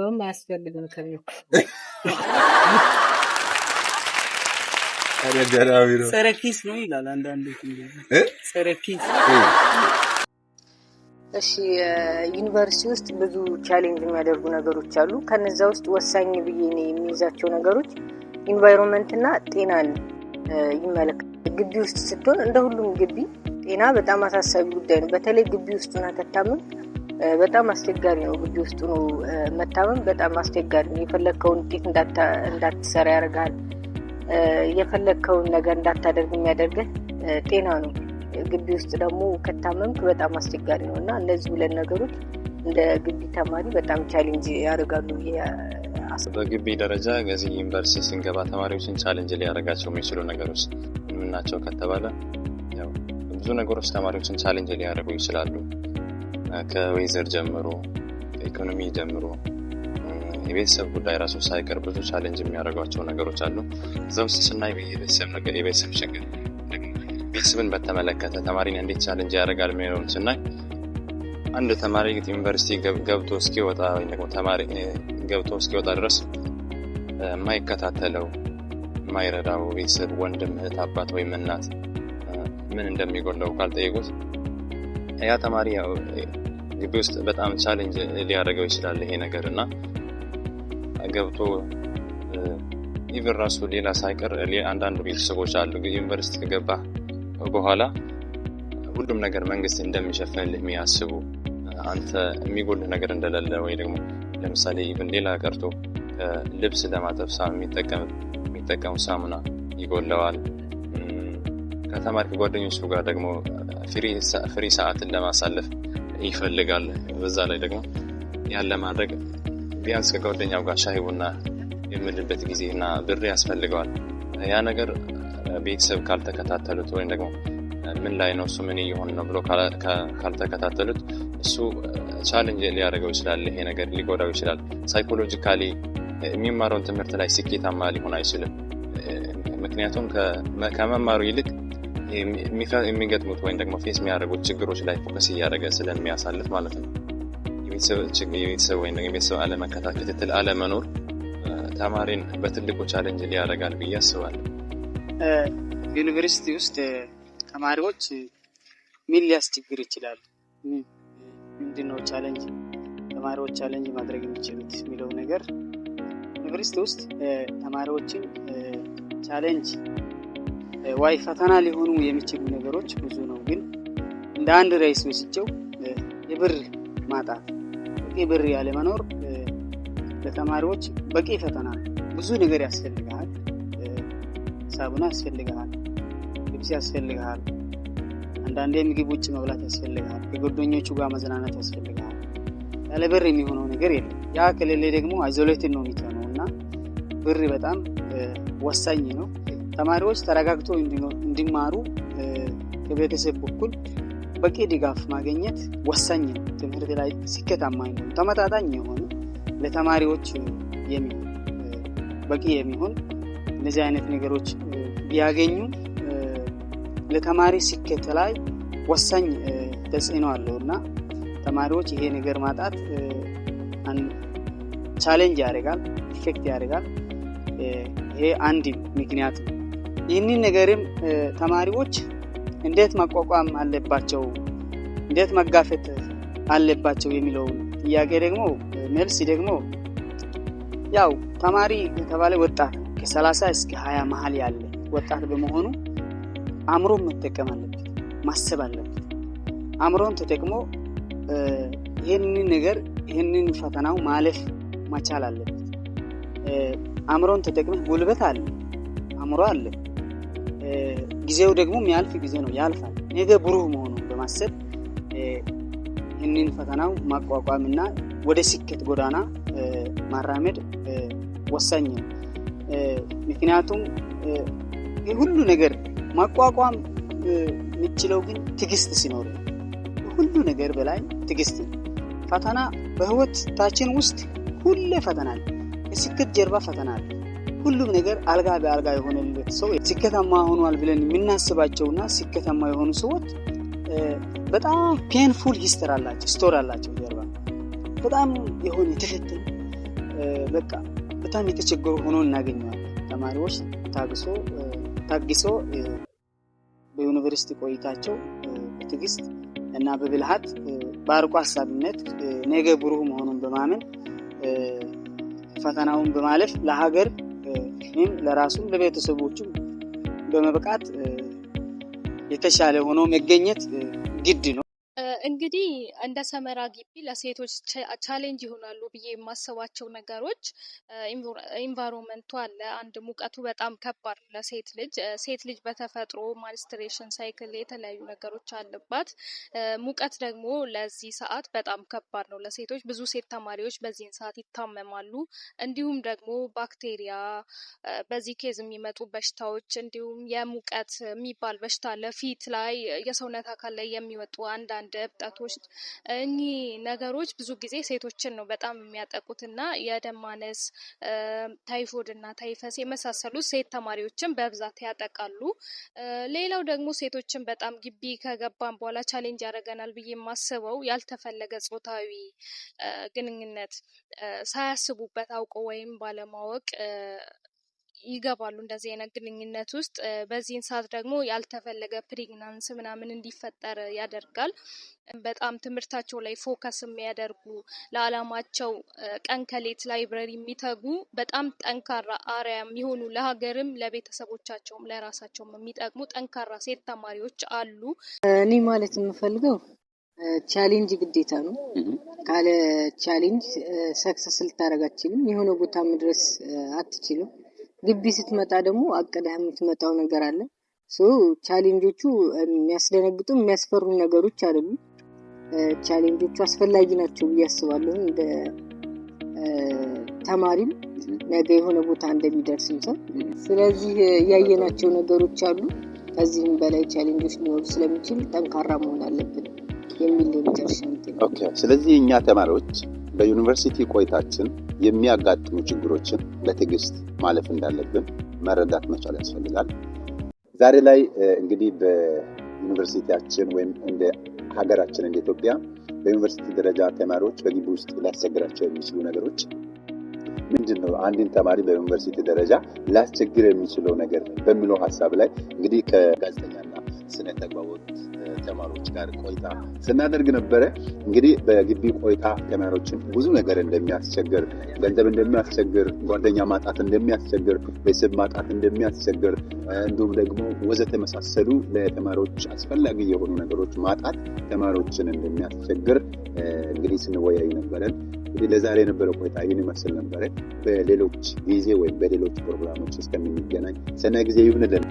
እንደውም አያስፈልግም ከሚል ጸረ ነው ይላል አንዳንዴ ጸረ እሺ። ዩኒቨርሲቲ ውስጥ ብዙ ቻሌንጅ የሚያደርጉ ነገሮች አሉ። ከነዛ ውስጥ ወሳኝ ብዬ እኔ የሚይዛቸው ነገሮች ኢንቫይሮንመንትና ጤናን ይመለከታል። ግቢ ውስጥ ስትሆን እንደ ሁሉም ግቢ ጤና በጣም አሳሳቢ ጉዳይ ነው። በተለይ ግቢ ውስጥ ሆና ከታመም በጣም አስቸጋሪ ነው። ግቢ ውስጥ ነው መታመም በጣም አስቸጋሪ ነው። የፈለግከውን ውጤት እንዳትሰራ ያደርጋል። የፈለግከውን ነገር እንዳታደርግ የሚያደርግህ ጤና ነው። ግቢ ውስጥ ደግሞ ከታመምክ በጣም አስቸጋሪ ነው እና እነዚህ ሁለት ነገሮች እንደ ግቢ ተማሪ በጣም ቻሌንጅ ያደርጋሉ። በግቢ ደረጃ ከዚህ ዩኒቨርሲቲ ስንገባ ተማሪዎችን ቻሌንጅ ሊያደርጋቸው የሚችሉ ነገሮች ምናቸው ከተባለ ብዙ ነገሮች ተማሪዎችን ቻሌንጅ ሊያደርጉ ይችላሉ። ከዌዘር ጀምሮ ከኢኮኖሚ ጀምሮ የቤተሰብ ጉዳይ ራሱ ሳይቀር ብዙ ቻለንጅ የሚያደርጓቸው ነገሮች አሉ። እዛ ውስጥ ስናይ የቤተሰብ ነገር የቤተሰብ ችግር ቤተሰብን በተመለከተ ተማሪን እንዴት ቻለንጅ ያደርጋል የሚለውን ስናይ አንድ ተማሪ ዩኒቨርሲቲ ገብቶ እስኪወጣ ወይም ደግሞ ተማሪ ገብቶ እስኪወጣ ድረስ የማይከታተለው የማይረዳው ቤተሰብ ወንድም፣ እህት፣ አባት ወይም እናት ምን እንደሚጎለው ካልጠየቁት ያ ተማሪ ግቢ ውስጥ በጣም ቻሌንጅ ሊያደርገው ይችላል ይሄ ነገር እና ገብቶ ኢቨን ራሱ ሌላ ሳይቀር አንዳንድ ቤተሰቦች አሉ ዩኒቨርሲቲ ከገባ በኋላ ሁሉም ነገር መንግስት እንደሚሸፍንልህ የሚያስቡ አንተ የሚጎልህ ነገር እንደሌለ ወይ ደግሞ ለምሳሌ ኢቨን ሌላ ቀርቶ ልብስ ለማጠብሳ የሚጠቀሙ ሳሙና ይጎለዋል። ከተማሪ ከጓደኞች ጋር ደግሞ ፍሪ ሰዓትን ለማሳለፍ ይፈልጋል። በዛ ላይ ደግሞ ያን ለማድረግ ቢያንስ ከጓደኛው ጋር ሻይ ቡና የምልበት ጊዜና ብር ያስፈልገዋል። ያ ነገር ቤተሰብ ካልተከታተሉት ወይም ደግሞ ምን ላይ ነው እሱ ምን እየሆን ነው ብሎ ካልተከታተሉት እሱ ቻለንጅ ሊያደርገው ይችላል። ይሄ ነገር ሊጎዳው ይችላል። ሳይኮሎጂካሊ የሚማረውን ትምህርት ላይ ስኬታማ ሊሆን አይችልም። ምክንያቱም ከመማሩ ይልቅ የሚገጥሙት ወይም ደግሞ ፌስ የሚያደርጉት ችግሮች ላይ ፎከስ እያደረገ ስለሚያሳልፍ ማለት ነው። የቤተሰብ ወይም የቤተሰብ አለመከታተል፣ ክትትል አለመኖር ተማሪን በትልቁ ቻለንጅ ሊያደርጋል ብዬ አስባለሁ። ዩኒቨርሲቲ ውስጥ ተማሪዎች ምን ሊያስቸግር ይችላል? ምንድነው ቻለንጅ ተማሪዎች ቻለንጅ ማድረግ የሚችሉት የሚለው ነገር ዩኒቨርሲቲ ውስጥ ተማሪዎችን ቻለንጅ ዋይ ፈተና ሊሆኑ የሚችሉ ነገሮች ብዙ ነው። ግን እንደ አንድ ርዕስ ወስጄው የብር ማጣት፣ በቂ ብር ያለመኖር ለተማሪዎች በቂ ፈተና ነው። ብዙ ነገር ያስፈልግሃል። ሳቡና ያስፈልግሃል፣ ልብስ ያስፈልግሃል፣ አንዳንዴ ምግብ ውጭ መብላት ያስፈልግሃል፣ ከጓደኞቹ ጋር መዝናናት ያስፈልግሃል። ያለ ብር የሚሆነው ነገር የለም። ያ ከሌለ ደግሞ አይዞሌትን ነው የሚሆነው እና ብር በጣም ወሳኝ ነው። ተማሪዎች ተረጋግተው እንዲማሩ ከቤተሰብ በኩል በቂ ድጋፍ ማገኘት ወሳኝ ነው። ትምህርት ላይ ስኬታማ የሚሆን ተመጣጣኝ የሆነ ለተማሪዎች በቂ የሚሆን እነዚህ አይነት ነገሮች ቢያገኙ ለተማሪ ስኬት ላይ ወሳኝ ተጽዕኖ አለው እና ተማሪዎች ይሄ ነገር ማጣት ቻሌንጅ ያደርጋል፣ ኢፌክት ያደርጋል። ይሄ አንድ ምክንያት ነው። ይህንን ነገርም ተማሪዎች እንዴት መቋቋም አለባቸው፣ እንዴት መጋፈት አለባቸው የሚለው ጥያቄ ደግሞ መልስ ደግሞ ያው ተማሪ የተባለ ወጣት ከ30 እስከ 20 መሀል ያለ ወጣት በመሆኑ አእምሮን መጠቀም አለበት፣ ማሰብ አለበት። አእምሮን ተጠቅሞ ይህንን ነገር ይህንን ፈተናው ማለፍ መቻል አለበት። አእምሮን ተጠቅመህ ጉልበት አለ፣ አእምሮ አለ ጊዜው ደግሞ የሚያልፍ ጊዜ ነው፣ ያልፋል። ነገ ብሩህ መሆኑን በማሰብ ይህንን ፈተናው ማቋቋምና ወደ ስኬት ጎዳና ማራመድ ወሳኝ ነው። ምክንያቱም ሁሉ ነገር ማቋቋም የምችለው ግን ትዕግስት ሲኖር፣ ሁሉ ነገር በላይ ትዕግስት። ፈተና በህይወታችን ውስጥ ሁሌ ፈተናል፣ ከስኬት ጀርባ ፈተናል። ሁሉም ነገር አልጋ በአልጋ የሆነለት ሰው ስኬታማ ሆኗል ብለን የምናስባቸውና ስኬታማ የሆኑ ሰዎች በጣም ፔንፉል ሂስተር አላቸው ስቶር አላቸው ጀርባ በጣም የሆነ ትክትል በቃ በጣም የተቸገሩ ሆኖ እናገኘዋል ተማሪዎች ታግሶ ታግሶ በዩኒቨርሲቲ ቆይታቸው ትግስት እና በብልሃት በአርቆ ሀሳቢነት ነገ ብሩህ መሆኑን በማመን ፈተናውን በማለፍ ለሀገር ይህም ለራሱም ለቤተሰቦቹም በመብቃት የተሻለ ሆኖ መገኘት ግድ ነው። እንግዲህ እንደ ሰመራ ግቢ ለሴቶች ቻሌንጅ ይሆናሉ ብዬ የማስባቸው ነገሮች ኢንቫይሮንመንቱ አለ። አንድ ሙቀቱ በጣም ከባድ ለሴት ልጅ ሴት ልጅ በተፈጥሮ ማንስትሬሽን ሳይክል የተለያዩ ነገሮች አለባት። ሙቀት ደግሞ ለዚህ ሰዓት በጣም ከባድ ነው ለሴቶች። ብዙ ሴት ተማሪዎች በዚህን ሰዓት ይታመማሉ። እንዲሁም ደግሞ ባክቴሪያ፣ በዚህ ኬዝ የሚመጡ በሽታዎች እንዲሁም የሙቀት የሚባል በሽታ ለፊት ላይ የሰውነት አካል ላይ የሚወጡ አንዳንድ ወጣቶች እኚህ ነገሮች ብዙ ጊዜ ሴቶችን ነው በጣም የሚያጠቁትና የደም ማነስ፣ ታይፎድ እና ታይፈስ የመሳሰሉ ሴት ተማሪዎችን በብዛት ያጠቃሉ። ሌላው ደግሞ ሴቶችን በጣም ግቢ ከገባን በኋላ ቻሌንጅ ያደርገናል ብዬ የማስበው ያልተፈለገ ጾታዊ ግንኙነት ሳያስቡበት አውቆ ወይም ባለማወቅ ይገባሉ እንደዚህ አይነት ግንኙነት ውስጥ። በዚህን ሰዓት ደግሞ ያልተፈለገ ፕሬግናንስ ምናምን እንዲፈጠር ያደርጋል። በጣም ትምህርታቸው ላይ ፎከስ የሚያደርጉ ለዓላማቸው ቀን ከሌት ላይብረሪ የሚተጉ በጣም ጠንካራ አርያ የሚሆኑ ለሀገርም፣ ለቤተሰቦቻቸውም፣ ለራሳቸውም የሚጠቅሙ ጠንካራ ሴት ተማሪዎች አሉ። እኔ ማለት የምፈልገው ቻሌንጅ ግዴታ ነው። ካለ ቻሌንጅ ሰክሰስ ልታደርግ አትችልም። የሆነ ቦታ መድረስ አትችልም። ግቢ ስትመጣ ደግሞ አቅደህ የምትመጣው ነገር አለ። ቻሌንጆቹ የሚያስደነግጡ የሚያስፈሩ ነገሮች አሉ ቻሌንጆቹ አስፈላጊ ናቸው ብዬ አስባለሁ። እንደ ተማሪም ነገ የሆነ ቦታ እንደሚደርስም ሰው ስለዚህ ያየናቸው ነገሮች አሉ። ከዚህም በላይ ቻሌንጆች ሊኖሩ ስለሚችል ጠንካራ መሆን አለብን የሚል የመጨረሻ። ስለዚህ እኛ ተማሪዎች በዩኒቨርሲቲ ቆይታችን የሚያጋጥሙ ችግሮችን በትዕግስት ማለፍ እንዳለብን መረዳት መቻል ያስፈልጋል። ዛሬ ላይ እንግዲህ በዩኒቨርሲቲያችን ወይም እንደ ሀገራችን እንደ ኢትዮጵያ በዩኒቨርሲቲ ደረጃ ተማሪዎች በግቢ ውስጥ ሊያስቸግራቸው የሚችሉ ነገሮች ምንድን ነው? አንድን ተማሪ በዩኒቨርሲቲ ደረጃ ሊያስቸግር የሚችለው ነገር በሚለው ሀሳብ ላይ እንግዲህ ከጋዜጠኛ ስነ ተግባቦት ተማሪዎች ጋር ቆይታ ስናደርግ ነበረ። እንግዲህ በግቢ ቆይታ ተማሪዎችን ብዙ ነገር እንደሚያስቸግር፣ ገንዘብ እንደሚያስቸግር፣ ጓደኛ ማጣት እንደሚያስቸግር፣ ቤተሰብ ማጣት እንደሚያስቸግር እንዲሁም ደግሞ ወዘተ መሳሰሉ ለተማሪዎች አስፈላጊ የሆኑ ነገሮች ማጣት ተማሪዎችን እንደሚያስቸግር እንግዲህ ስንወያይ ነበረን። እንግዲህ ለዛሬ የነበረው ቆይታ ይህን ይመስል ነበረ። በሌሎች ጊዜ ወይም በሌሎች ፕሮግራሞች እስከምንገናኝ ሰናይ ጊዜ ይሁንልን።